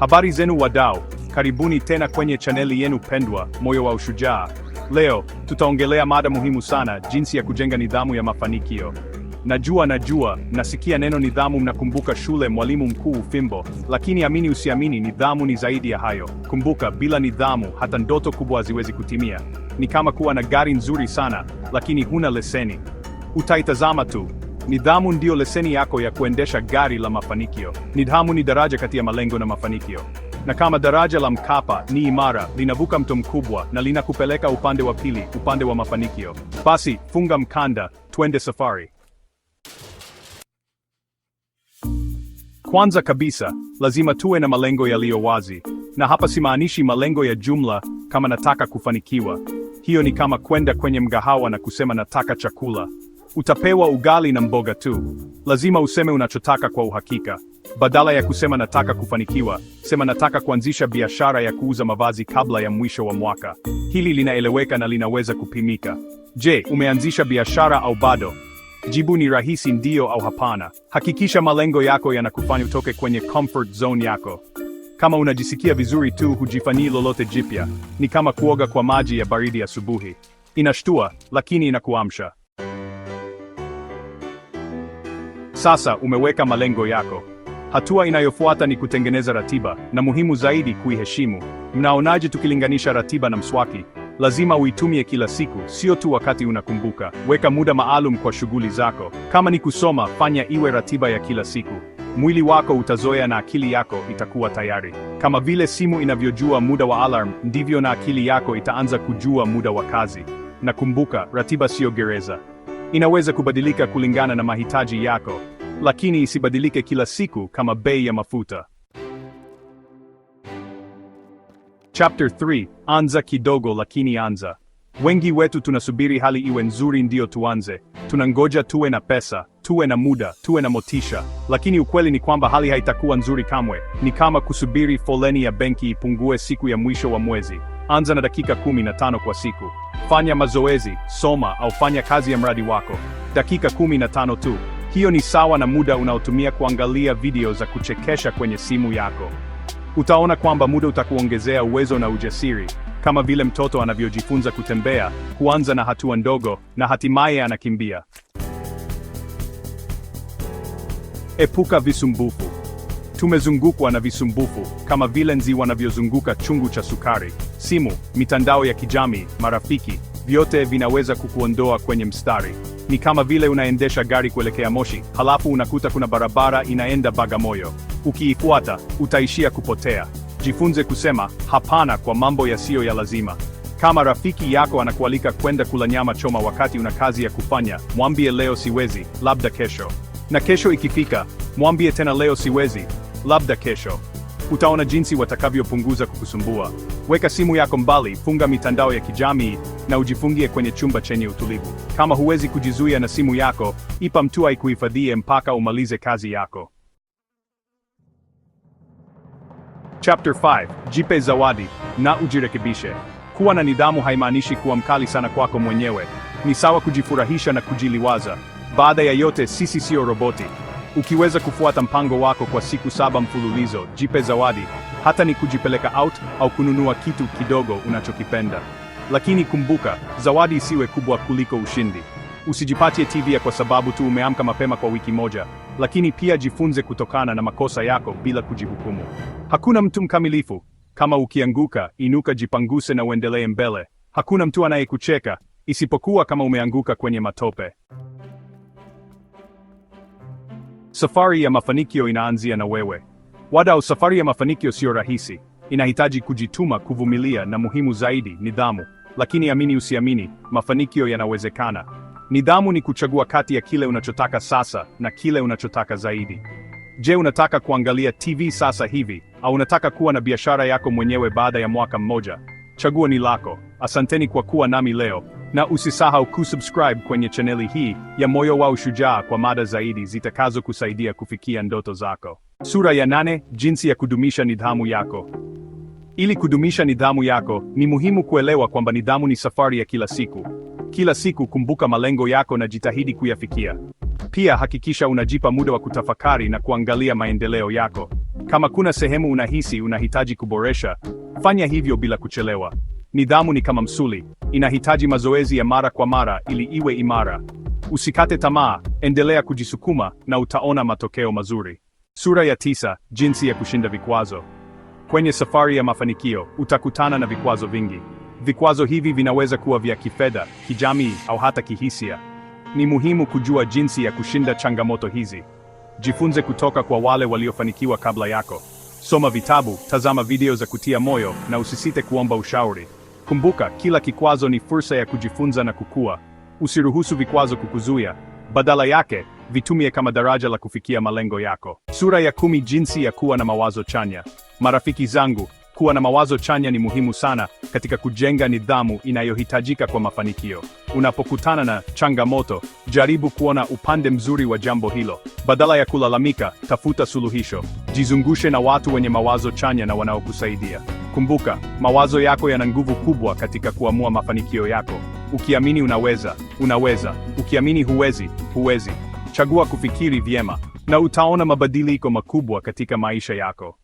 Habari zenu wadau, karibuni tena kwenye chaneli yenu pendwa Moyo wa Ushujaa. Leo tutaongelea mada muhimu sana, jinsi ya kujenga nidhamu ya mafanikio. Najua, najua, nasikia neno nidhamu, mnakumbuka shule, mwalimu mkuu, fimbo. Lakini amini usiamini, nidhamu ni zaidi ya hayo. Kumbuka, bila nidhamu hata ndoto kubwa haziwezi kutimia. Ni kama kuwa na gari nzuri sana, lakini huna leseni, utaitazama tu. Nidhamu ndiyo leseni yako ya kuendesha gari la mafanikio. Nidhamu ni daraja kati ya malengo na mafanikio, na kama daraja la Mkapa ni imara, linavuka mto mkubwa na linakupeleka upande wa pili, upande wa mafanikio. Basi funga mkanda, twende safari. Kwanza kabisa, lazima tuwe na malengo yaliyo wazi, na hapa simaanishi malengo ya jumla kama nataka kufanikiwa. Hiyo ni kama kwenda kwenye mgahawa na kusema nataka chakula Utapewa ugali na mboga tu. Lazima useme unachotaka kwa uhakika. Badala ya kusema nataka kufanikiwa, sema nataka kuanzisha biashara ya kuuza mavazi kabla ya mwisho wa mwaka. Hili linaeleweka na linaweza kupimika. Je, umeanzisha biashara au bado? Jibu ni rahisi, ndio au hapana. Hakikisha malengo yako yanakufanya utoke kwenye comfort zone yako. Kama unajisikia vizuri tu, hujifanyii lolote jipya. Ni kama kuoga kwa maji ya baridi asubuhi. Inashtua, lakini inakuamsha. Sasa umeweka malengo yako. Hatua inayofuata ni kutengeneza ratiba na muhimu zaidi kuiheshimu. Mnaonaje tukilinganisha ratiba na mswaki? Lazima uitumie kila siku, sio tu wakati unakumbuka. Weka muda maalum kwa shughuli zako. Kama ni kusoma, fanya iwe ratiba ya kila siku. Mwili wako utazoea na akili yako itakuwa tayari. Kama vile simu inavyojua muda wa alarm, ndivyo na akili yako itaanza kujua muda wa kazi. Na kumbuka, ratiba siyo gereza. Inaweza kubadilika kulingana na mahitaji yako lakini isibadilike kila siku kama bei ya mafuta. Chapter 3: anza kidogo lakini anza. Wengi wetu tunasubiri hali iwe nzuri ndiyo tuanze. Tunangoja tuwe na pesa, tuwe na muda, tuwe na motisha, lakini ukweli ni kwamba hali haitakuwa nzuri kamwe. Ni kama kusubiri foleni ya benki ipungue siku ya mwisho wa mwezi. Anza na dakika kumi na tano kwa siku. Fanya mazoezi, soma au fanya kazi ya mradi wako, dakika kumi na tano tu. Hiyo ni sawa na muda unaotumia kuangalia video za kuchekesha kwenye simu yako. Utaona kwamba muda utakuongezea uwezo na ujasiri, kama vile mtoto anavyojifunza kutembea, huanza na hatua ndogo na hatimaye anakimbia. Epuka visumbufu. Tumezungukwa na visumbufu kama vile nzi wanavyozunguka chungu cha sukari, simu, mitandao ya kijamii, marafiki vyote vinaweza kukuondoa kwenye mstari. Ni kama vile unaendesha gari kuelekea Moshi, halafu unakuta kuna barabara inaenda Bagamoyo. Ukiifuata utaishia kupotea. Jifunze kusema hapana kwa mambo yasiyo ya lazima. Kama rafiki yako anakualika kwenda kula nyama choma wakati una kazi ya kufanya, mwambie leo siwezi, labda kesho. Na kesho ikifika, mwambie tena leo siwezi, labda kesho. Utaona jinsi watakavyopunguza kukusumbua. Weka simu yako mbali, funga mitandao ya kijamii na ujifungie kwenye chumba chenye utulivu. Kama huwezi kujizuia na simu yako, ipa mtu aikuhifadhie mpaka umalize kazi yako. Chapter 5: jipe zawadi na ujirekebishe. Kuwa na nidhamu haimaanishi kuwa mkali sana kwako mwenyewe. Ni sawa kujifurahisha na kujiliwaza. Baada ya yote, sisi siyo roboti. Ukiweza kufuata mpango wako kwa siku saba mfululizo, jipe zawadi, hata ni kujipeleka out au kununua kitu kidogo unachokipenda. Lakini kumbuka, zawadi isiwe kubwa kuliko ushindi. Usijipatie TV kwa sababu tu umeamka mapema kwa wiki moja, lakini pia jifunze kutokana na makosa yako bila kujihukumu. Hakuna mtu mkamilifu. Kama ukianguka, inuka, jipanguse na uendelee mbele. Hakuna mtu anayekucheka isipokuwa kama umeanguka kwenye matope. Safari ya mafanikio inaanzia na wewe. Wadau, safari ya mafanikio siyo rahisi. Inahitaji kujituma, kuvumilia na muhimu zaidi, nidhamu. Lakini amini usiamini, mafanikio yanawezekana. Nidhamu ni kuchagua kati ya kile unachotaka sasa na kile unachotaka zaidi. Je, unataka kuangalia TV sasa hivi au unataka kuwa na biashara yako mwenyewe baada ya mwaka mmoja? Chaguo ni lako. Asanteni kwa kuwa nami leo, na usisahau kusubscribe kwenye chaneli hii ya Moyo wa Ushujaa kwa mada zaidi zitakazokusaidia kufikia ndoto zako. Sura ya nane: jinsi ya kudumisha nidhamu yako. Ili kudumisha nidhamu yako, ni muhimu kuelewa kwamba nidhamu ni safari ya kila siku. Kila siku kumbuka malengo yako na jitahidi kuyafikia. Pia hakikisha unajipa muda wa kutafakari na kuangalia maendeleo yako. Kama kuna sehemu unahisi unahitaji kuboresha, fanya hivyo bila kuchelewa. Nidhamu ni kama msuli, inahitaji mazoezi ya mara kwa mara ili iwe imara. Usikate tamaa, endelea kujisukuma na utaona matokeo mazuri. Sura ya tisa: jinsi ya kushinda vikwazo. Kwenye safari ya mafanikio utakutana na vikwazo vingi. Vikwazo hivi vinaweza kuwa vya kifedha, kijamii au hata kihisia. Ni muhimu kujua jinsi ya kushinda changamoto hizi. Jifunze kutoka kwa wale waliofanikiwa kabla yako. Soma vitabu, tazama video za kutia moyo na usisite kuomba ushauri. Kumbuka, kila kikwazo ni fursa ya kujifunza na kukua. Usiruhusu vikwazo kukuzuia. Badala yake, vitumie kama daraja la kufikia malengo yako. Sura ya kumi: jinsi ya kuwa na mawazo chanya. Marafiki zangu, kuwa na mawazo chanya ni muhimu sana katika kujenga nidhamu inayohitajika kwa mafanikio. Unapokutana na changamoto, jaribu kuona upande mzuri wa jambo hilo. Badala ya kulalamika, tafuta suluhisho. Jizungushe na watu wenye mawazo chanya na wanaokusaidia. Kumbuka, mawazo yako yana nguvu kubwa katika kuamua mafanikio yako. Ukiamini unaweza, unaweza. Ukiamini huwezi, huwezi. Chagua kufikiri vyema na utaona mabadiliko makubwa katika maisha yako.